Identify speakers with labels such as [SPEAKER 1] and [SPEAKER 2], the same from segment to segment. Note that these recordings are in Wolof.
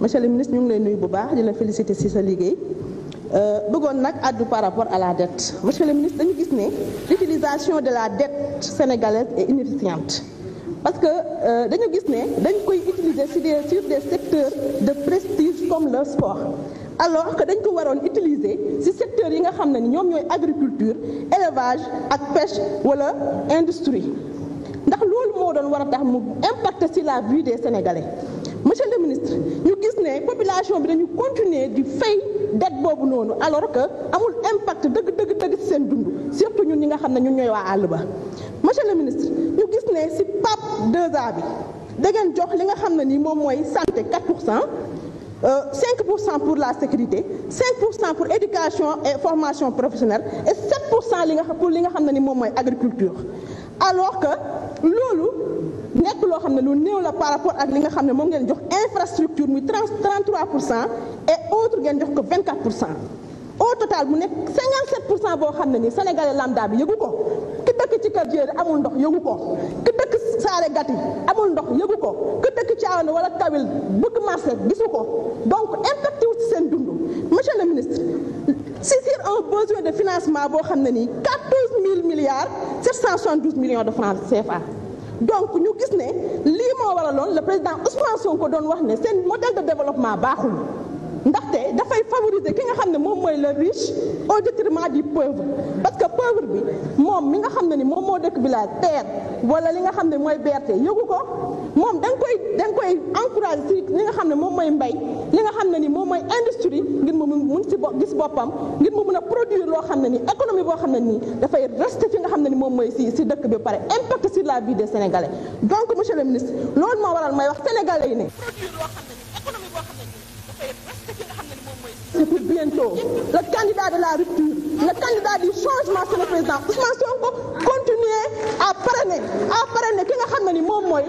[SPEAKER 1] monsieur le ministre ñu ngi lay nuyu bu baax di la féliciter ci sa liggéey euh, bëggoon nag àddu par rapport à la dette monsieur le ministre dañu gis ne utilisation de la dette sénégalaise est inefficiente parce que euh, dañu gis ne dañ koy utiliser sur des sur des secteurs de prestige comme le sport alors que dañ ko waroon utiliser ci secteurs yi nga xam ne ni ñoom ñooy agriculture élevage ak pêche wala industrie ndax loolu moo doon war a tax mu impacter ci la vie des sénégalais ne population bi dañu continuer di fay dette boobu noonu alors que amul impact dëgg dëgg dëgg ci seen dund surtout ñun ñi nga xam ne ñun ñooy waa àll ba monsieur le ministre ñu gis ne ci PAP 2A bi da jox li nga xam ne nii moom mooy santé 4 pour cent 5 euh, pour la sécurité 5 pour cent pour éducation et formation professionnelle et 7 pour cent li nga xam ne ni moom mooy agriculture alors que loolu nekk loo xam ne lu néew la par rapport ak li nga xam ne moom ngeen jox infrastructure muy 33 pour cent et autre ngeen jox ko 24 pour cent au total mu nekk pour cent boo xam ne ni sénégalais lambda bi yëgu ko ki dëkk ci kër jéeri amul ndox yëgu ko ki dëkk saare gati amul ndox yëgu ko ki dëkk Thiawane wala Kawil bëgg marché gisu ko donc impact wu ci seen dund monsieur le ministre c'est sur un besoin de financement boo xam ne nii 14 000 milliards 772 millions de francs CFA donc ñu gis ne lii moo waraloon le président Ousmane ko doon wax ne seen modèle de développement baaxul ndaxte dafay favoriser ki nga xam ne moom mooy la riche au détriment du pauvre parce que pauvre bi moom mi nga xam ne ni moom moo dëkk bi la terre wala li nga xam ne mooy berte yëgu ko moom da nga koy da nga koy encouragé si li nga xam ne moom mooy mbay li nga xam ne ni moom mooy industrie ngir mu mun si gis boppam ngir mu mun a produire loo xam ne ni économie boo xam ne nii dafay rester fi nga xam ne ni moom mooy si si dëkk bi pare impact sur la vie des sénégalais donc monsieur le ministre loolu moo waral may ne. bientôt. Le candidat de la rupture, le candidat du changement, c'est le président Ousmane Sonko. Continuez à parrainer à parrainer ki nga xam ne ni moom mooy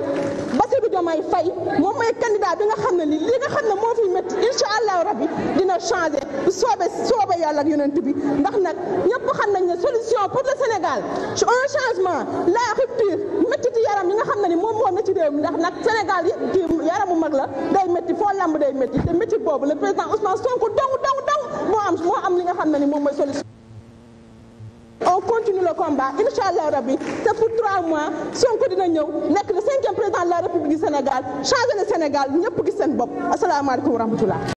[SPEAKER 1] Bassirou Diomaye Faye moom mooy candidat bi nga xam ne ni li nga xam ne moo fi métti incha allahu rabi dina changé bu soobee yàlla ak bi ndax nag ñëpp xam nañ ne solution pour le Sénégal un changement la rupture métti ci yaram yi nga xam ne ni moom moo métti réew ndax nag Sénégal yi yaramu mag la day métti foo lamb day métti te métti boobu le moo am moo am li nga xam ne ni moom mooy solution. on continue le combat incha allah rabbi te pour trois mois Sonko dina ñëw nekk le cinquième président de la république du Sénégal changer le Sénégal ñëpp gis seen bopp asalaamaaleykum wa rahmatullah